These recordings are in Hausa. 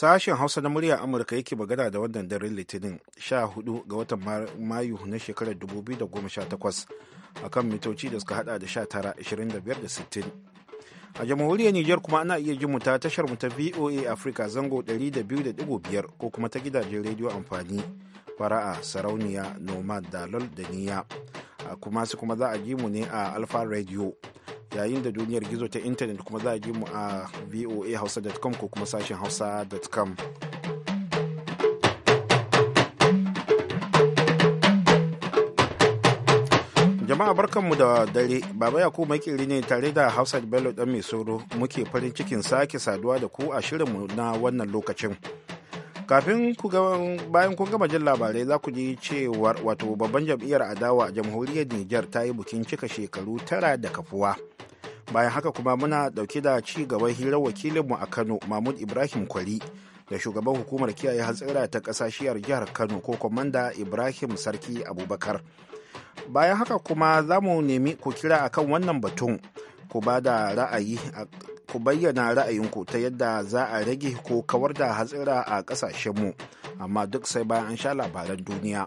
Sashen Hausa na murya Amurka yake magana da wannan daren Litinin 14 ga watan Mayu na shekarar 2018 akan mitoci da suka hada da tara 25 da 60. a jamhuriyar Nijar kuma ana iya jin mu ta tashar mu ta VOA afirka zango 200.5 ko kuma ta gidajen rediyo amfani fara'a sarauniya nomad dalol da niya kuma su kuma za a ji mu ne a alfa radio yayin da duniyar gizo ta intanet kuma za a ji mu a voahausa.com ko kuma sashen hausa.com jama'a barkanmu da dare baba yakubu makiri ne tare da hausa bello dan mai soro muke farin cikin sake saduwa da ku a shirin mu na wannan lokacin kafin bayan kun gama jin labarai za ku ji cewar wato babban jam'iyyar adawa jamhuriyar niger ta yi bukin cika shekaru tara da kafuwa bayan haka kuma muna dauke da ci gaban hirar wakilinmu a kano mahmud ibrahim kwari da shugaban hukumar kiyaye hatsira ta kasashiyar jihar kano ko kwamanda ibrahim sarki abubakar bayan haka kuma za mu nemi ku kira akan wannan batun ku ba da ra'ayi ku bayyana ra'ayinku ta yadda za a rage ko kawar da hatsira a kasashenmu amma duk sai bayan an sha labaran duniya.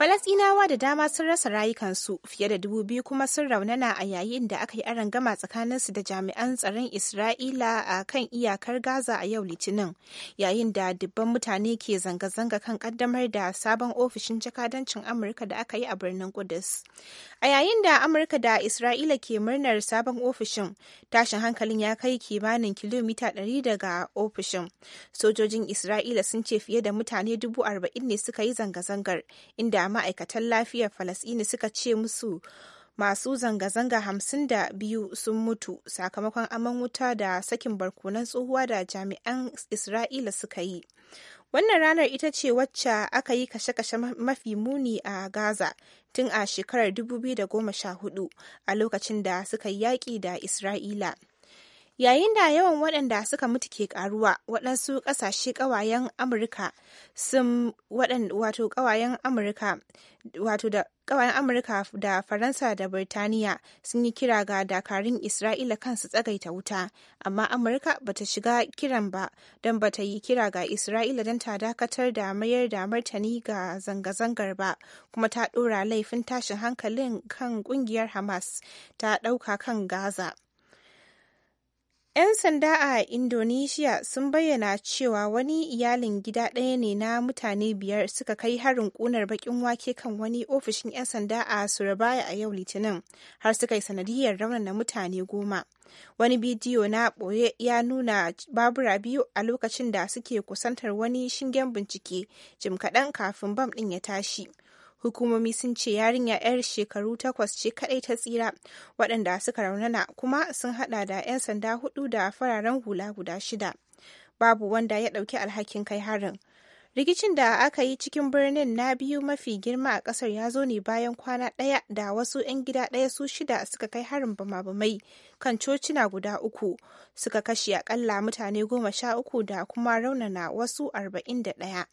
Falasɗinawa da dama sun rasa rayukansu fiye da dubu biyu kuma sun raunana a yayin da aka yi gama tsakanin su da jami'an tsaron Isra'ila a kan iyakar Gaza a yau Litinin, yayin da dubban mutane ke zanga-zanga kan kaddamar da sabon ofishin jakadancin Amurka da aka yi a birnin Kudus. A yayin da Amurka da Isra'ila ke murnar sabon ofishin, tashin hankalin ya kai kimanin kilomita ɗari daga ofishin. Sojojin Isra'ila sun ce fiye da mutane dubu arba'in ne suka yi zanga-zangar, inda ma'aikatan lafiyar falasɗini suka ce musu masu zanga-zanga hamsin da biyu sun mutu sakamakon aman wuta da sakin barkunan tsohuwa da jami'an isra'ila suka yi wannan ranar ita ce wacce aka yi kashe-kashe mafi muni a gaza tun a shekarar 2014 a lokacin da suka yi yaƙi da isra'ila Yayin da yawan waɗanda suka mutu ke karuwa waɗansu ƙasashe ƙawayen Amurka sun wato ƙawayen Amurka wato da ƙawayen Amurka da Faransa da Birtaniya sun yi kira ga dakarun Isra'ila kansu tsagaita wuta, amma Amurka ta shiga kiran ba don ba ta yi kira ga Isra'ila don ta dakatar da mayar da martani ga zanga-zangar ba, kuma ta ɗora laifin tashin hankalin kan ƙungiyar Hamas ta ɗauka kan Gaza. 'Yan sanda a Indonesia sun bayyana cewa wani iyalin gida ɗaya ne na mutane biyar suka kai harin ƙunar baƙin wake kan wani ofishin 'yan sanda a Surabaya a yau Litinin har suka yi sanadiyar na mutane goma. Wani bidiyo na ɓoye ya nuna babura biyu a lokacin da suke kusantar wani shingen bincike jim kaɗan kafin bam ɗin ya tashi. Hukumomi sun ce yarinya 'yar shekaru takwas ce kaɗai ta tsira waɗanda suka raunana kuma sun haɗa da 'yan sanda hudu da fararen hula guda shida. Babu wanda ya ɗauki alhakin kai harin. Rikicin da aka yi cikin birnin na biyu mafi girma a ƙasar ya zo ne bayan kwana ɗaya da wasu 'yan gida ɗaya su shida suka kai harin bama-bamai kan cocina guda uku suka kashe akalla mutane goma sha uku da kuma raunana wasu arba'in da ɗaya.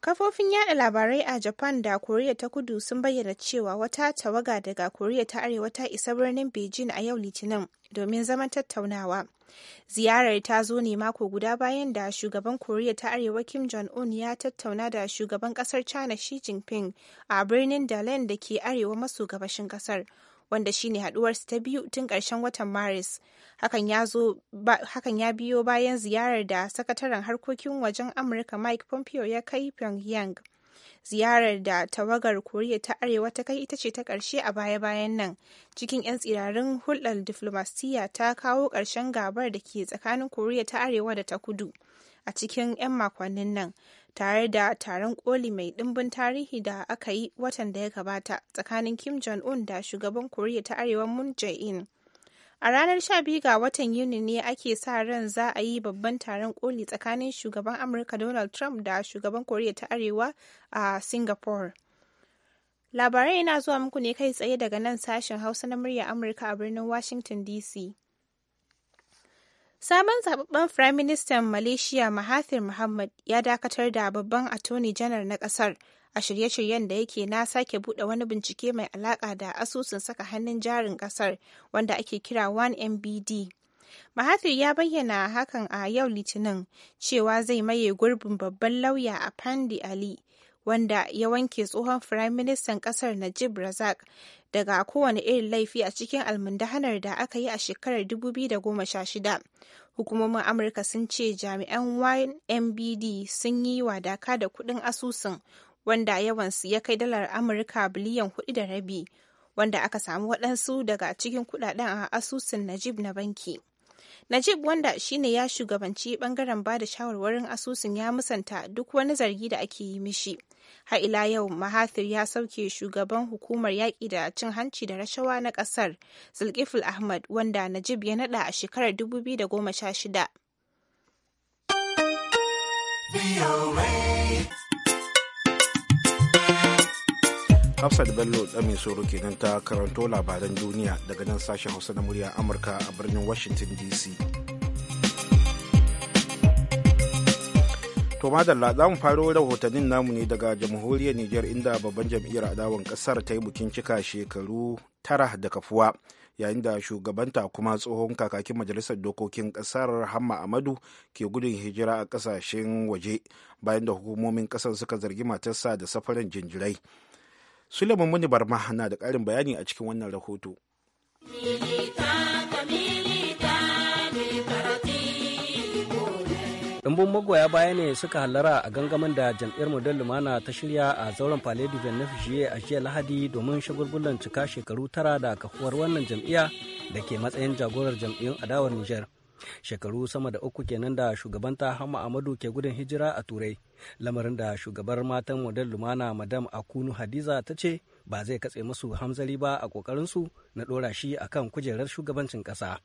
Kafofin yada labarai a Japan da Koriya ta Kudu sun bayyana cewa wata tawaga daga Koriya ta Arewa ta isa birnin Beijing a yau Litinin domin zaman tattaunawa. Ziyarar ta zo ne mako guda bayan da shugaban Koriya ta Arewa Kim Jong-un ya tattauna da shugaban kasar China Xi Jinping a birnin Dalen da ke arewa maso gabashin kasar, wanda shine haduwarsu ta biyu tun karshen watan maris hakan ya biyo bayan ziyarar da sakataren harkokin wajen amurka mike pompeo ya kai pyongyang ziyarar da tawagar koriya ta arewa ta kai ita ce ta ƙarshe a baya-bayan nan cikin 'yan tsirarin hulɗar diflomasiyya ta kawo ƙarshen gabar da ke tsakanin koriya ta arewa da ta kudu a cikin 'yan makonnin nan tare da taron koli mai ɗimbin tarihi da aka yi watan da ya gabata tsakanin Kim Jong-un da shugaban Koriya ta Arewa Moon Jae-in. A ranar 12 ga watan Yuni ne ake sa ran za a yi babban taron koli tsakanin shugaban Amurka Donald Trump da shugaban Koriya ta Arewa a Singapore. Labarai na zuwa muku ne kai tsaye daga nan sashen Hausa na murya Amurka a birnin Washington DC. Sabon zaɓaɓɓen Firayim Ministan Malaysia Mahathir Muhammad ya dakatar da babban atoni janar na ƙasar a shirye-shiryen da yake na sake buɗe wani bincike mai alaƙa da asusun saka hannun jarin ƙasar, wanda ake kira 1MBD. Mahathir ya bayyana hakan a yau Litinin cewa zai maye gurbin babban lauya a Pandi Ali wanda ya wanke tsohon firaministan kasar Najib Razak daga kowane irin laifi a cikin almundahanar da aka yi a shekarar 2016. Hukumomin Amurka sun ce jami'an YMBD sun yi wadaka da kudin asusun wanda yawansu ya kai dalar Amurka biliyan hudu da rabi, wanda aka samu waɗansu daga cikin kudaden a asusun Najib na banki. Najib wanda shine ya shugabanci bangaren da shawarwarin asusun ya musanta duk wani zargi da ake yi mishi. har ila yau mahathir ya sauke shugaban hukumar yaƙi da cin hanci da rashawa na ƙasar zulkiful ahmad wanda najib ya naɗa a shekarar 2016 Hafsat Bello ɗan soro kenan ta karanto labaran duniya daga nan sashen Hausa na murya Amurka a birnin Washington DC. To madalla za mu faro rahotannin namu ne daga jamhuriyar Nijar inda babban jam'iyyar adawan kasar ta yi bukin cika shekaru tara da kafuwa yayin da shugabanta kuma tsohon kakakin majalisar dokokin kasar Hamma Amadu ke gudun hijira a kasashen waje bayan da hukumomin kasar suka zargi matarsa da safarin jinjirai. Suleiman Muni Barma na da ƙarin bayani a cikin wannan rahoto. Ɗumbin magoya baya ne suka hallara a gangamin da jam'iyyar Model Lumana ta shirya a zauren Palais du fushiye a jiya Lahadi domin shagulgulan cika shekaru tara da kafuwar wannan jam'iyya da ke matsayin jagorar jam'iyyun adawar Nijar. Shekaru sama da uku kenan da shugabanta Hama Amadu ke gudun hijira a Turai, lamarin da shugabar matan Model Lumana Madam Akunu Hadiza ta ce ba zai katse musu hamzari ba a kokarinsu na dora shi akan kujerar shugabancin ƙasa.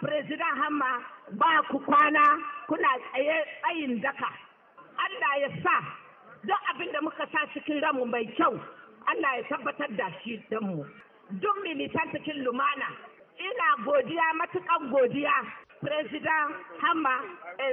Firizidan Hama ba ku kwana kuna tsaye tsayin daka. Allah ya sa duk abin da muka sa cikin ranmu mai kyau Allah ya tabbatar da shi mu. Duk militan cikin lumana ina godiya matukan godiya Firizidan Hamma a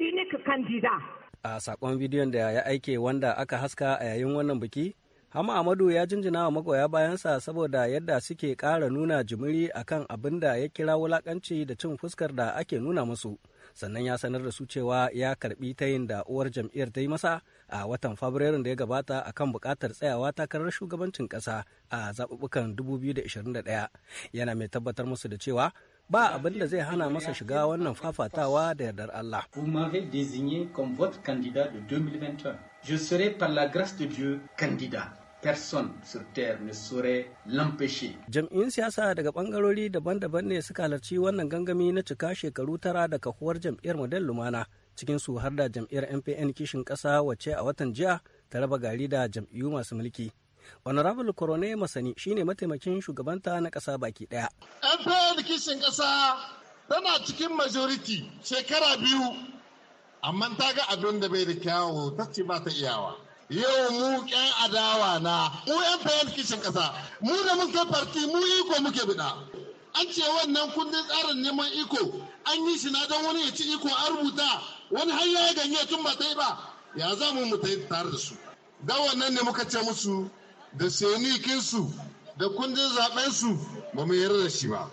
Unique kandida. A saƙon bidiyon da ya aike wanda aka haska a yayin wannan biki, Hama Amadu ya jinjina wa magoya bayansa saboda yadda suke ƙara nuna jimiri akan abin da ya kira wulakanci da cin fuskar da ake nuna musu. Sannan ya sanar da su cewa ya karɓi tayin da uwar jam'iyyar ta yi masa a watan Fabrairun da ya gabata akan buƙatar tsayawa takarar shugabancin ƙasa a zaɓuɓɓukan 2021. Yana mai tabbatar musu da cewa ba abin da zai hana masa shiga wannan fafatawa da yardar Allah. Je serai par la grâce de Dieu candidat. personne sur terre ne saurait l'empêcher. Jam'iyyun siyasa daga bangarori daban-daban ne suka halarci wannan gangami na cika shekaru tara da kahuwar jam'iyyar Model Lumana cikin su har da jam'iyyar MPN kishin kasa wacce a watan jiya ta raba gari da jam'iyyu masu mulki. Honorable Korone Masani shine mataimakin shugabanta na kasa baki ɗaya. MPN kishin ƙasa tana cikin majority shekara biyu amma ta ga abin da bai da kyawu ta ce ba ta iyawa. yau mu kyan adawa na mu 'yan fayan kishin ƙasa mu da muka farti mu iko muke bida an ce wannan kundin tsarin neman iko an yi shi na don wani ya ci iko an rubuta wani har ya ganye tun ba ta yi ba ya za mu mu tare da su da wannan ne muka ce musu da senikinsu da kundin su ba mu yarda da shi ba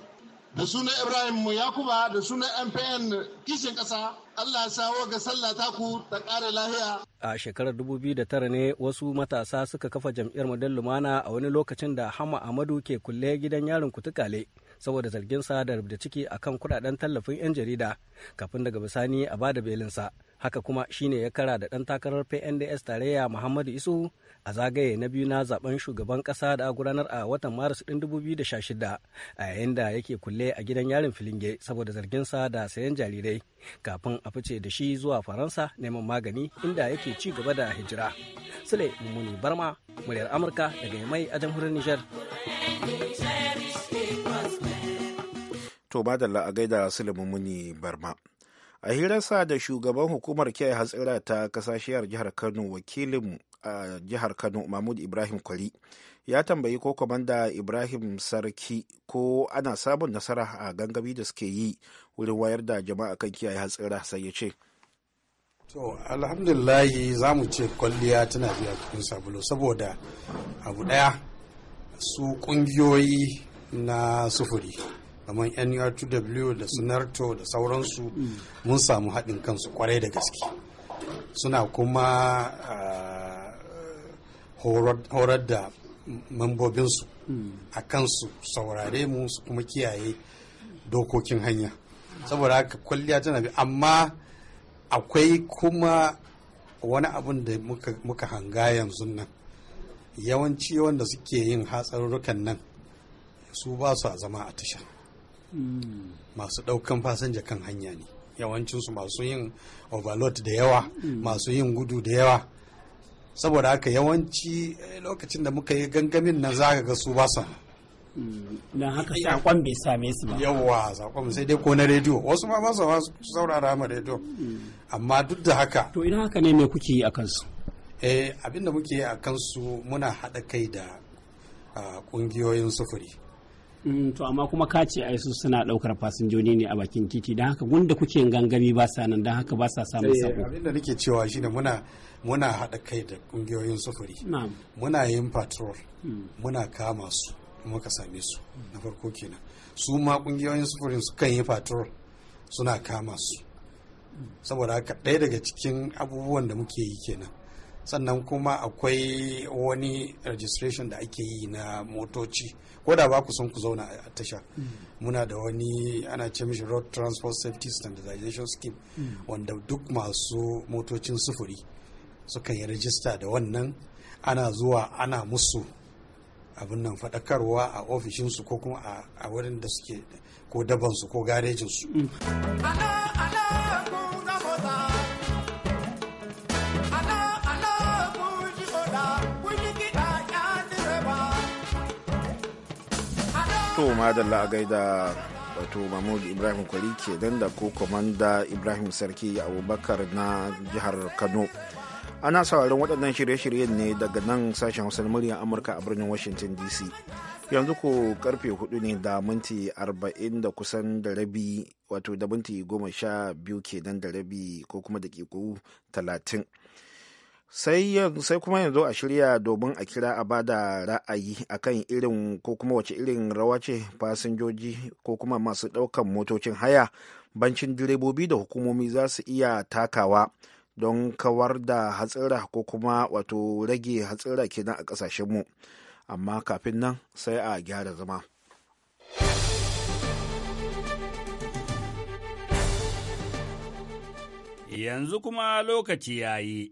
da sunan ibrahim yakuba da sunan mpn kishin kasa allah shawo ga sallah taku ta kare lahiya a shekarar 2009 ne wasu matasa suka kafa jam'iyyar model lumana a wani lokacin da hama amadu ke kulle gidan yarin kutukale saboda zargin zarginsa da rubda ciki akan kudaden tallafin 'yan jarida kafin daga bisani a bada belinsa haka kuma shine ya kara da ɗan takarar pnds tarayya muhammadu isu a zagaye na biyu na zaben shugaban kasa da gudanar a watan maris ɗin 2016 a yayin da yake kulle a gidan yarin filinge saboda zargin sa da sayan jarirai kafin a fice da shi zuwa faransa neman magani inda yake ci gaba da hijira sule mummuni barma muryar amurka daga mai a jamhuriyar nijar to madalla a gaida sule mummuni barma a hirarsa da shugaban hukumar kiyaye hatsira ta kasashiyar jihar kano wakilin a jihar kano mahmud ibrahim kwari ya tambayi ko kwamanda ibrahim sarki ko ana samun nasara a gangami da suke yi wurin wayar da jama'a kan kiyaye hatsira sai ya ce to alhamdulillahi za mu ce kwalliya tana biya cikin sabulu saboda abu daya su kungiyoyi na sufuri kamar nurtw da sunarto da sauransu mm. mun samu haɗin kansu kwarai da gaske suna kuma ah, horar da mambobinsu hmm. a kansu saurare mu su kuma kiyaye dokokin hanya saboda haka kwalliya tana bi amma akwai kuma wani abun da muka hanga yanzu nan yawanci wanda suke yin hatsarurrukan nan su ba su a zama a tasha hmm. masu ɗaukan fasinja kan hanya ne yawancinsu masu yin overload da yawa hmm. masu yin gudu da yawa saboda haka yawanci eh, lokacin da muka yi gangamin nan za ga su ba sa mm, don haka saƙon bai same su ba yawa sakon sai dai ko na rediyo wasu ma ba su saurara ma rediyo mm. amma duk da haka to idan haka ne me kuke yi a kansu eh abinda muke yi a kansu muna haɗa kai da ah, ƙungiyoyin sufuri Mm, to amma kuma ka ce ai su suna daukar fasinjoji ne a bakin titi dan haka gunda kuke gangami ba sa nan don haka ba sa samun eh, sako abin da nake cewa shine muna muna haɗa kai da kungiyoyin sufuri muna yin patrol mm. muna kama su muka same su na farko kenan su ma kungiyoyin sufurin su kan yi patrol suna kama su mm. saboda haka ɗaya daga cikin abubuwan da muke yi kenan sannan kuma akwai wani registration da ake yi na motoci ko da ba ku son ku zauna a tasha mm. muna da wani ana ce mishi road transport safety standardization scheme mm. wanda duk masu motocin sufuri suka yi rajista da wannan ana zuwa ana musu abin nan faɗakarwa a ofishinsu ko kuma a wurin da suke ko dabansu ko garejinsu. Mm. Allah, to da a gaida wato mahmud ibrahim kwari ke dan da ko komanda ibrahim sarki abubakar na jihar kano ana sauraron waɗannan shirye-shiryen ne daga nan sashen hausar muryar amurka a birnin washington dc yanzu ko karfe hudu ne da minti arba'in da kusan da rabi wato da minti goma sha biyu kenan da rabi ko kuma da talatin sai sai kuma yanzu a shirya domin a kira a bada ra'ayi akan irin ko kuma wace irin rawa ce fasinjoji ko kuma masu ɗaukan motocin haya bancin direbobi da hukumomi za su iya takawa don kawar da hatsira ko kuma wato rage hatsira kenan a kasashenmu amma kafin nan sai a gyara zama. Yanzu kuma lokaci ya yi.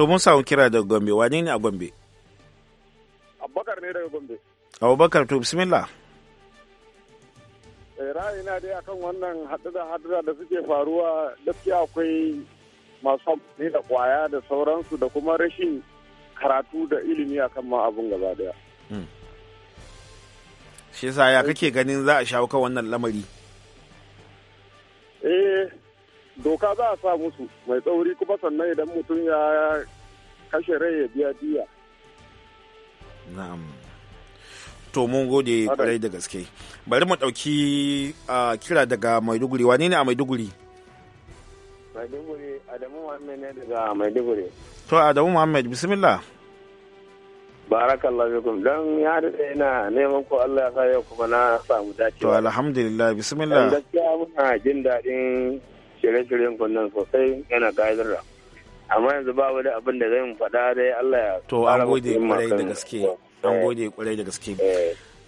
To mun samu kira daga Gombe, wane ne a Gombe? Abubakar ne daga Gombe. Abubakar to bismillah. Eh, ra'ayina dai akan wannan haɗura-haɗura da suke faruwa gaskiya akwai masu amfani da kwaya da sauransu da kuma rashin karatu da ilimi akan ma abun gaba daya. Hmm. Shi sa ya kake ganin za a shawo kan wannan lamari? Eh, doka za a sa musu mai tsauri kuma sannan idan mutum ya kashe rai ya biya diya na'am to mun gode kwarai da gaske bari mu ɗauki kira daga maiduguri wani ne a maiduguri maiduguri adamu muhammad ne daga maiduguri to adamu muhammad bismillah barakallahu don ya da ina neman ko Allah ya sa yau kuma na samu dacewa to alhamdulillah bismillah gaskiya muna jin daɗin shirye-shiryen kunnan sosai yana ƙayatar da amma yanzu ba wani abin da zai faɗa dai Allah ya to an gode kwarai eh. da gaske an gode kwarai da gaske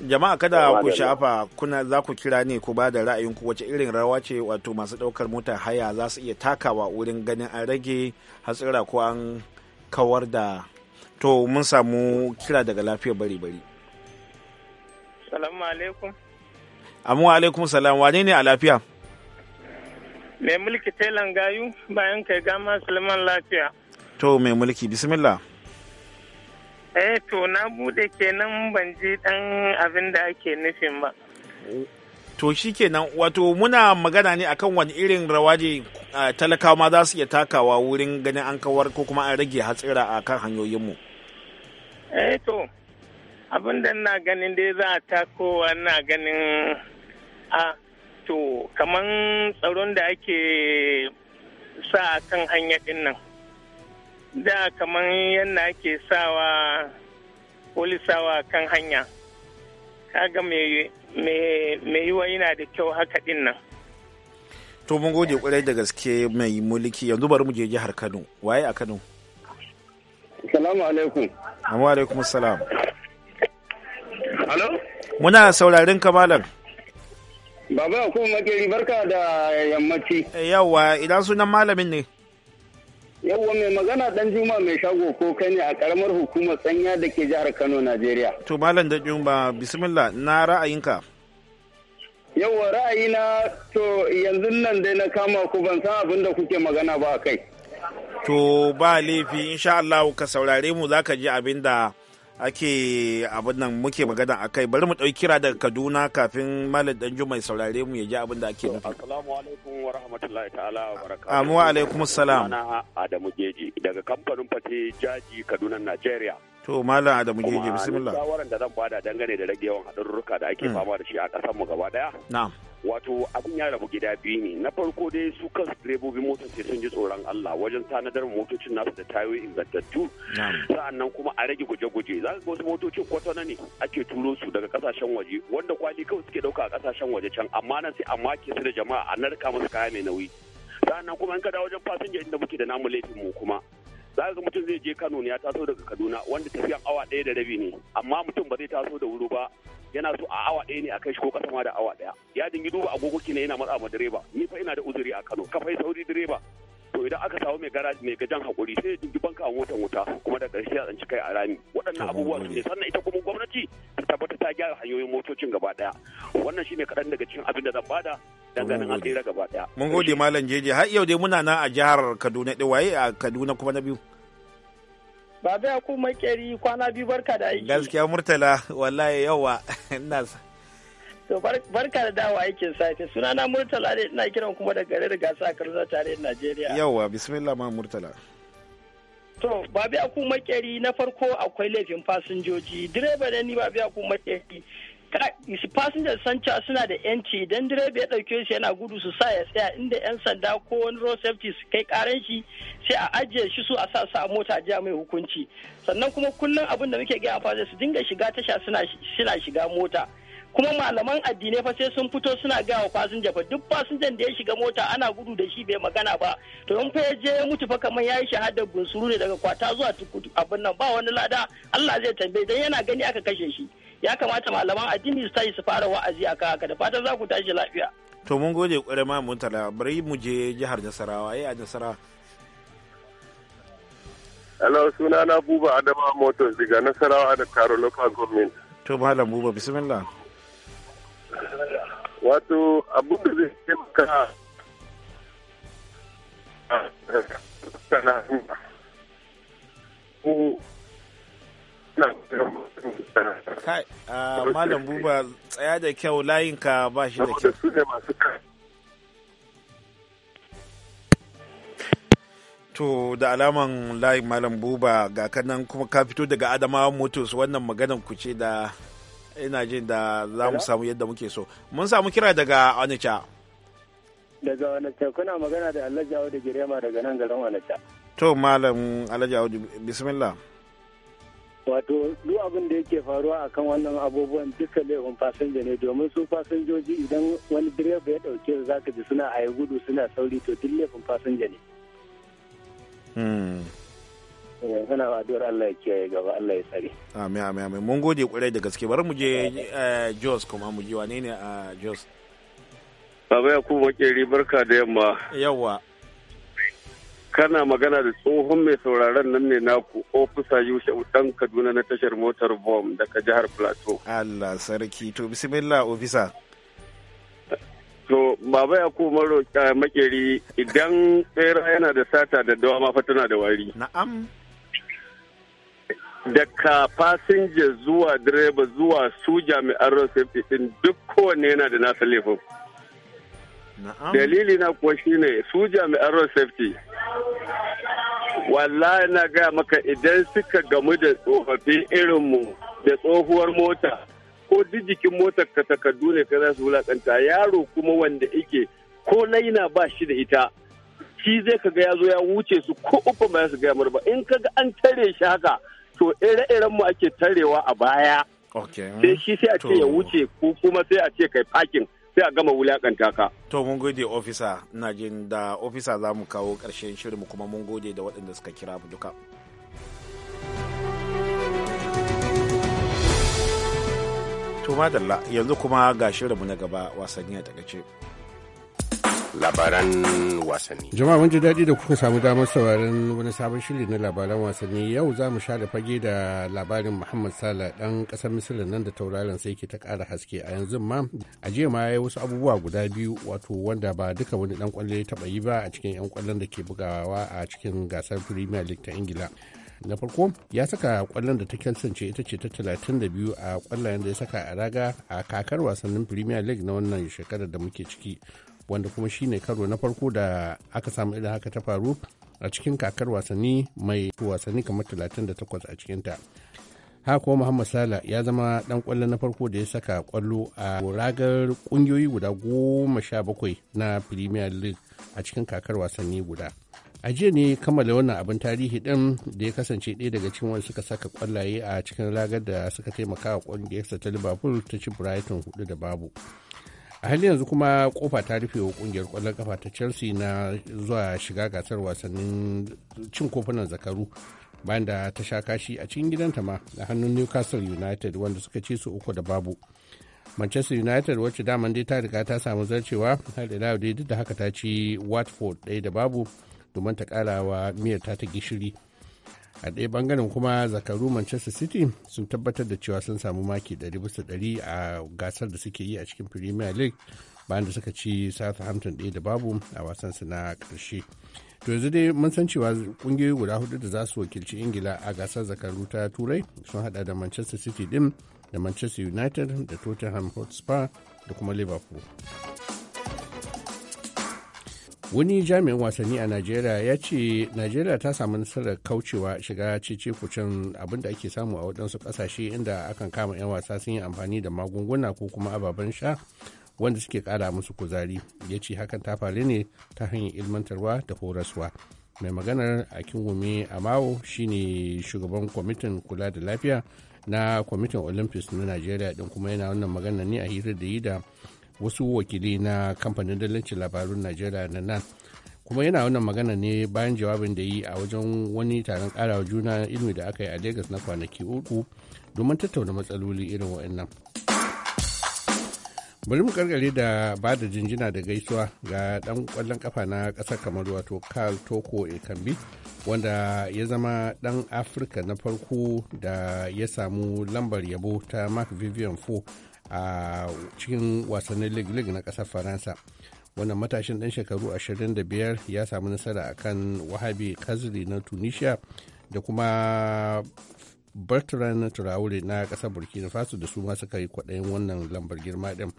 jama'a kada ku shafa kuna za ku kira ne ku ba da ra'ayinku wace irin rawa ce wato masu ɗaukar motar haya za su iya takawa wurin ganin an rage hatsira ko an kawar da to mun samu kira daga lafiyar bari bari salamu alaikum amma alaikum salam wane ne a lafiya mai mulki telan gayu bayan kai gama suleiman lafiya to mai mulki bismillah eh to na bude kenan ban ji dan abin da ake nufin ba to shi kenan wato muna magana ne akan wani irin rawaje talakawa ma za su iya takawa wurin ganin an kawar ko kuma an rage hatsira a kan hanyoyinmu eh to abin da na ganin dai za a takowa na ganin a to kaman tsaron da ake sa kan hanya din nan da kaman yadda ake sawa polisawa kan hanya kaga mai yiwa yana da kyau haka din nan to mun gode kwarai da gaske mai mulki yanzu bari mu je jihar kano waye a kano salamu alaikum amma alaikum salam muna saurarin kamalan Baba ya kuma makeri barka da yammaci. Yawwa idan sunan malamin ne. Yawwa mai magana dan Juma mai shago ko kai ne a karamar hukumar tsanya da ke jihar Kano, Najeriya. To malam da Juma bismillah na ra'ayinka. Yawwa ra'ayina to yanzu nan dai na kama ku ban san abin da kuke magana ba kai. To ba laifi insha Allah ka saurare mu zaka ji abin da ake abin nan muke magana a kai bari mu ɗauki kira daga kaduna kafin malam danjo mai saurare mu ya ji abin da ake nufi assalamu alaikum wa rahmatullahi ta'ala wa barakatuhu amu ah, alaikum salam ana adamu geji daga kamfanin fate jaji kaduna nigeria to malam adamu geji bismillah kuma shawaran da zan bada dangane da rage yawan haɗarurruka da ake mm. fama da shi a ƙasar mu gaba daya na'am wato abin ya rabu gida biyu ne na farko dai su kansu direbobin motar sai sun ji tsoron Allah wajen tanadar motocin nasu da tayoyi ingantattu sa'annan kuma a rage guje-guje za ga wasu motocin kwatana ne ake turo su daga kasashen waje wanda kwali kawai suke dauka a kasashen waje can amma nan sai a ke su da jama'a a narka musu kaya mai nauyi sa'annan kuma in ka dawo wajen fasinja inda muke da namu laifin mu kuma za ga mutum zai je kano ne ya taso daga kaduna wanda tafiyan awa ɗaya da rabi ne amma mutum ba zai taso da wuri ba yana so a awa ɗaya ne a kai shi ko kasa ma da awa ɗaya ya dingi duba agogo ne yana matsa ma direba ni fa ina da uzuri a kano ka fai sauri direba to idan aka samu mai garaji mai gajan hakuri sai ya dingi banka a motar wuta kuma da ƙarshe a tsanci kai a rami waɗannan abubuwa su ne sannan ita kuma gwamnati ta tabbata ta gyara hanyoyin motocin gaba ɗaya wannan shine kaɗan daga cikin abin da zan bada dangane an gaba ɗaya. mun gode malam jeje har yau dai muna nan a jihar kaduna ɗaya a kaduna kuma na biyu. ba ya kuma makeri kwana biyu barka da aiki. Gaskiya Murtala wallahi yawa ina To barka da dawa aikin safe sunana Murtala ne ina kiran kuma da garin gasa a Kaduna tare da Najeriya. Yawa bismillah ma Murtala. To babu ya kuma makeri na farko akwai laifin fasinjoji direba da ni babu ya kuma makeri fasinjan sanca suna da yanci idan direba ya ɗauke shi yana gudu su sa ya tsaya inda yan sanda ko wani road safety su kai karen shi sai a ajiye shi su a sa su a mota jiya mai hukunci sannan kuma kullum abin da muke gaya fasinja su dinga shiga tasha suna shiga mota kuma malaman addinai fa sai sun fito suna gaya wa fasinja fa duk fasinjan da ya shiga mota ana gudu da shi bai magana ba to in fa ya je ya mutu fa kamar yayi shahadar gunsuru ne daga kwata zuwa abin nan ba wani lada Allah zai tambaye dan yana gani aka kashe shi ya kamata malaman addini su tashi su fara wa'azi a haka da fatan za ku tashi lafiya to mun gode kwarai ma tala bari mu je jihar Nasarawa eh a Nasarawa Hello suna na Buba Adama Motors daga Nasarawa da Taro Local Government to malam Buba bismillah wato abu da zai taimaka kai malam buba tsaya da kyau layin ka ba shi da kyau to da alaman layin malam buba ga kanan kuma ka fito daga adamawa motors wannan maganan ku ce da ina jin da za mu samu yadda muke so mun samu kira daga onitsha daga onitsha kuna magana da alhaji da girema daga nan garin onitsha to malam alhaji bismillah wato duk abin da yake faruwa akan wannan abubuwan duka laifin fasinja ne domin su fasinjoji idan wani direba ya dauke za ka ji suna ayi gudu suna sauri to duk laifin fasinja ne yana hmm. eh, Allah ya kiyaye gaba Allah ya tsare amin amin amin mun gode kwarai da gaske bari mu je eh, Jos kuma mu ji wane ne a eh, Jos Baba ku Makeri barka da yamma yawa kana magana da tsohon mai sauraron nan ne naku ofisa yushe dan kaduna na tashar motar bom daga jihar plateau allah sarki to bismillah ofisa to baba ya ko maro eh, makeri idan tsera yana da sata da dawa ma tana da wari na'am daga fasinja zuwa direba zuwa su jami'an safety din duk kowanne yana da nasa laifin dalili na kuwa shine su jami'an road safety wallahi na gaya maka idan suka gamu da tsofaffi irinmu da tsohuwar mota ko duk jikin motar ka takardu ne ka za su wulakanta yaro kuma wanda ike ko laina ba shi da ita shi zai ka ga ya zo ya wuce su ko uku ba su gaya ba in ka ga an tare shi haka to ire-iren mu ake tarewa a baya sai shi sai a ce ya wuce ko kuma sai a ce kai fakin sai a gama wulakanta ka. To mun gode ofisa, na jin da ofisa za mu kawo ƙarshen shirin mu kuma mun gode da waɗanda suka kira mu duka. To madalla yanzu kuma ga shirin mu na gaba wasanni a takaice. labaran wasanni. Jama'a mun ji daɗi da kuka samu damar sauraron wani sabon shiri na labaran wasanni yau za mu sha da fage da labarin Muhammad Sala ɗan ƙasar Misira nan da tauraron sai ke ta ƙara haske a yanzu ma a jiya ma ya wasu abubuwa guda biyu wato wanda ba duka wani ɗan ƙwallo ya taɓa yi ba a cikin 'yan ƙwallon da ke bugawa a cikin gasar Premier League ta Ingila. na farko ya saka kwallon da ta kyansance ita ce ta 32 a kwallayen da ya saka a raga a kakar wasannin premier league na wannan shekarar da muke ciki wanda kuma shi ne karo na farko da aka samu idan haka ta faru a cikin kakar wasanni mai wasanni kamar 38 a cikinta haka kuma muhammad sala ya zama dan kwallo na farko da ya saka kwallo a ragar kungiyoyi guda goma sha bakwai na premier league a cikin kakar wasanni guda a jiya ne kammala wannan abin tarihi din da ya kasance ɗaya daga cikin wanda suka saka kwallaye a cikin ragar da suka taimaka wa ƙungiyarsa ta liverpool ta ci brighton hudu da babu a halin yanzu kuma kofa ta rufe wa kungiyar kwallon kafa ta chelsea na zuwa shiga gasar wasannin cin kofunan zakaru bayan da ta sha kashi a cikin gidanta ma da hannun newcastle united wanda suka ce su uku da babu manchester united wacce daman dai ta riga ta samu zarcewa har da dai duk da haka ta ci watford ɗaya da babu domin ta ƙara wa miyar ta ta gishiri a ɗaya bangaren kuma zakaru manchester city sun tabbatar da cewa sun samu maki 100 a gasar da suke yi a cikin premier league bayan da suka ci southampton ɗaya da babu a wasan su na ƙarshe to yanzu dai mun san cewa ƙungiyoyi guda hudu da za su wakilci ingila a gasar zakaru ta turai sun hada da manchester city din da manchester united da tottenham hotspur da kuma liverpool wani jami'in wasanni a najeriya ya ce najeriya ta samu nasarar kaucewa shiga cece kucin abinda ake samu a wadansu ƙasashe inda akan kama 'yan wasa sun yi amfani da magunguna ko kuma ababen sha wanda suke kara musu kuzari ya ce hakan ta faru ne ta hanyar ilmantarwa da horaswa mai maganar a kingumi amawo shine shugaban kwamitin kula da lafiya na kwamitin olympics na najeriya din kuma yana wannan maganar ne a hirar da yi da wasu wakili na kamfanin dalancin labarun najeriya na nan kuma yana wannan magana ne bayan jawabin da yi a wajen wani taron karawa juna ilmi da aka yi a lagos na kwanaki uku domin tattauna matsaloli irin wa'annan. bari mu karkare da ba da jinjina da gaisuwa ga dan kwallon kafa na kasar kamar wato karl toko ekambi wanda ya zama dan afirka na farko da ya samu lambar yabo ta mark vivian 4 a cikin wasannin league na ƙasar faransa wannan matashin ɗan shekaru 25 ya samu nasara a kan wahabi kazri na tunisia da kuma bertrand traore na ƙasar burkina faso da su ma suka yi kwaɗayin wannan lambar girma ɗin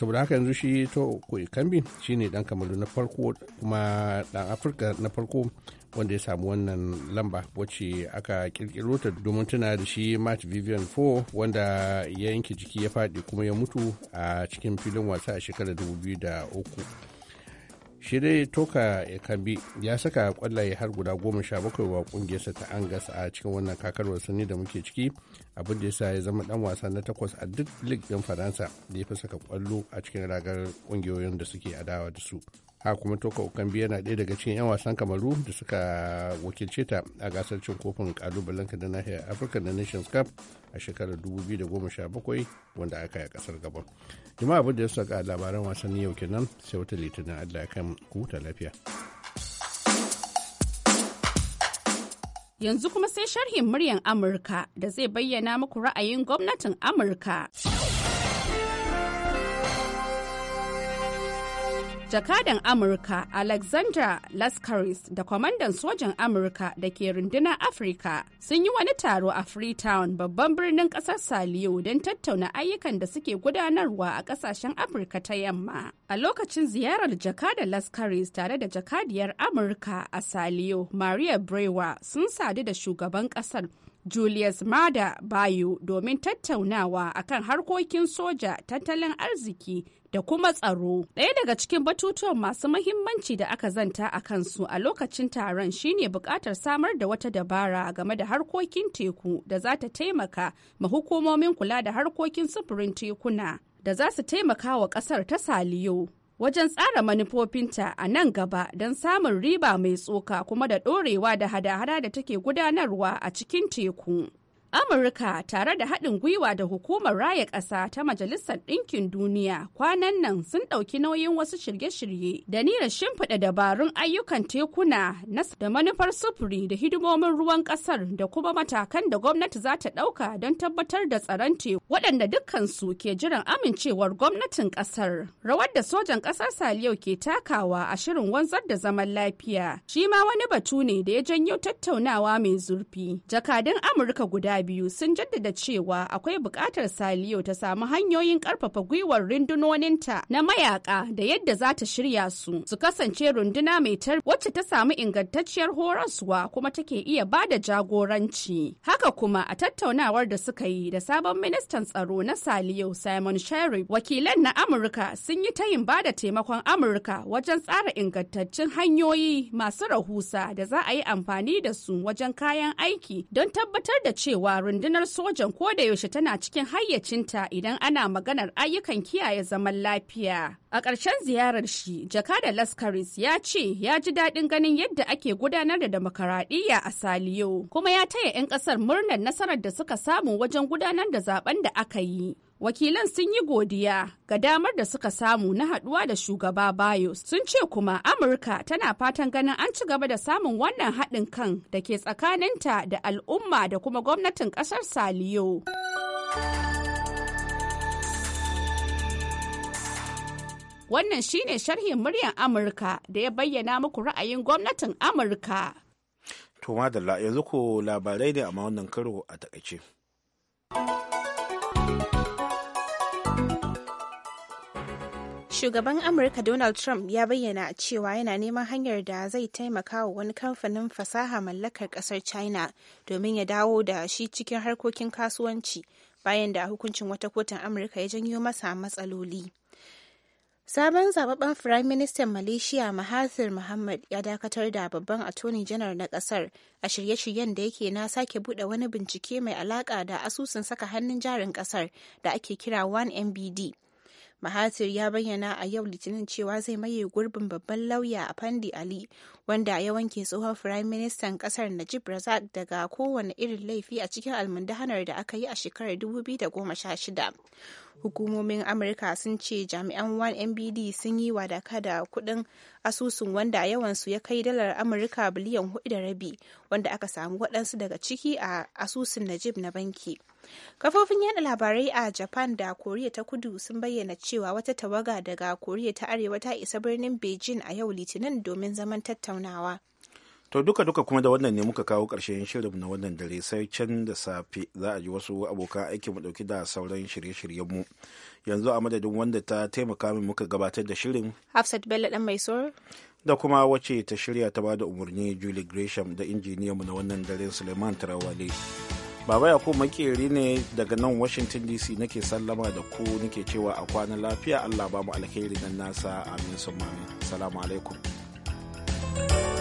saboda haka yanzu shi to ku kambi ne dan kamalu na farko kuma dan afirka na farko wanda ya samu wannan lamba wacce aka kirkiro ta domin tuna da shi matt vivian 4 wanda ya yanke jiki ya faɗi kuma ya mutu a cikin filin wasa a shekarar 2003 shi dai toka kambi ya saka kwallaye har guda goma sha bakwai wa kungiyarsa ta angas a cikin wannan kakar wasanni da muke ciki abin da yasa ya zama dan wasa na takwas a duk league din faransa da ya fi saka kwallo a cikin ragar kungiyoyin da suke adawa da su haka kuma toka okambi yana ɗaya daga cikin 'yan wasan kamaru da suka wakilce ta a gasar cin kofin kalubalen da nahiyar afirka da nations cup a shekarar 2017 wanda aka yi a kasar gabon jama'a abin da ya saka labaran wasanni yau kenan sai wata litinin allah ya kan kuta lafiya yanzu kuma sai sharhin muryan amurka da zai bayyana muku ra'ayin gwamnatin amurka. jakadan amurka alexander laskaris da kwamandan sojan amurka da ke rundunar afirka sun yi wani taro a freetown babban birnin kasar saliyo don tattauna ayyukan da suke gudanarwa a kasashen afirka ta yamma a lokacin ziyarar jakadan laskaris tare da jakadiyar amurka a saliyo maria brewer sun sadu da shugaban kasar Julius Mada Bayo domin tattaunawa akan harkokin soja, tattalin arziki da kuma tsaro. Ɗaya daga cikin batutuwan masu mahimmanci da aka zanta a kansu a lokacin taron shine buƙatar samar da wata dabara game da harkokin teku da za ta taimaka ma hukumomin kula da harkokin sufurin tekuna da za su taimaka wa ƙasar ta Saliyo. wajen tsara manufofinta a nan gaba don samun riba mai tsoka kuma da ɗorewa da hada-hada da take gudanarwa a cikin teku. Amurka tare da haɗin gwiwa da hukumar raya ƙasa ta Majalisar Ɗinkin Duniya kwanan nan sun ɗauki nauyin wasu shirye-shirye da niyyar shimfiɗa dabarun ayyukan tekuna na da manufar sufuri da hidimomin ruwan ƙasar da kuma matakan da gwamnati za ta ɗauka don tabbatar da tsaron teku waɗanda dukkansu ke jiran amincewar gwamnatin ƙasar. Rawar da sojan ƙasar Saliyau ke takawa a shirin wanzar da zaman lafiya shi ma wani batu ne da ya janyo tattaunawa mai zurfi. Jakadun Amurka guda biyu sun jaddada cewa akwai buƙatar Saliyo ta samu hanyoyin ƙarfafa gwiwar rundunoninta na mayaka da yadda za ta shirya su su kasance runduna mai tar wacce ta samu ingantacciyar horaswa kuma take iya ba da jagoranci. Haka kuma a tattaunawar da suka yi da sabon ministan tsaro na Saliyo Simon Sherif, wakilan na Amurka sun yi tayin ba da taimakon Amurka wajen tsara ingantaccen hanyoyi masu rahusa da za a yi amfani da su wajen kayan aiki don tabbatar da cewa rundunar sojan kodayaushe tana cikin hayyacinta idan ana maganar ayyukan kiyaye zaman lafiya. A ƙarshen ziyarar shi, Jakada Laskaris ya ce ya ji daɗin ganin yadda ake gudanar da demokaradiyya a Saliyo, kuma ya taya 'yan ƙasar murnar nasarar da suka samu wajen gudanar da zaben da aka yi. wakilan sun yi godiya ga damar da suka samu na haduwa da shugaba bayo sun ce kuma amurka tana fatan ganin an ci gaba da samun wannan haɗin kan da ke tsakaninta da al'umma da kuma gwamnatin ƙasar saliyo wannan shine sharhin muryan amurka da ya bayyana muku ra'ayin gwamnatin amurka to madalla yanzu ko labarai ne amma wannan karo a takaice. Shugaban Amurka Donald Trump ya bayyana cewa yana neman hanyar da zai taimaka wa wani kamfanin fasaha mallakar kasar China domin ya dawo da shi cikin harkokin kasuwanci bayan da hukuncin wata kotun Amurka ya janyo masa matsaloli. Sabon zababben Firayim Ministan Malaysia Mahathir Muhammad ya dakatar da babban atoni janar na kasar a shirye-shiryen da yake na sake bude wani bincike mai alaka da asusun saka hannun jarin kasar da ake kira 1MBD. Mahathir ya bayyana a yau Litinin cewa zai maye gurbin babban lauya a pandi Ali, wanda ya wanke tsohon Firayim Ministan ƙasar Najib Razak daga kowane irin laifi a cikin almundahanar da aka yi a shekarar 2016. hukumomin amurka sun ce jami'an 1mbd sun yi wadaka da kudin asusun wanda yawansu ya kai dalar amurka biliyan hudu da rabi wanda aka samu waɗansu daga ciki a asusun najib na banki kafofin yada labarai a japan da koriya ta kudu sun bayyana cewa wata tawaga daga koriya ta arewa ta isa birnin beijing a yau litinin domin zaman tattaunawa To duka-duka kuma da wannan ne muka kawo ƙarshen shirin na wannan dare sai can da safe za a ji wasu abokan aiki mu ɗauki da sauran shirye mu Yanzu a madadin wanda ta taimaka min muka gabatar da shirin. Hafsat Bello ɗan mai sor. Da kuma wace ta shirya ta bada umarni Julie Gresham da mu na wannan dare Suleiman Tarawale. Baba ya makeri ne daga nan Washington DC nake sallama da ku nake cewa a kwana lafiya Allah ba mu alheri nan nasa amin su salamu alaikum. thank you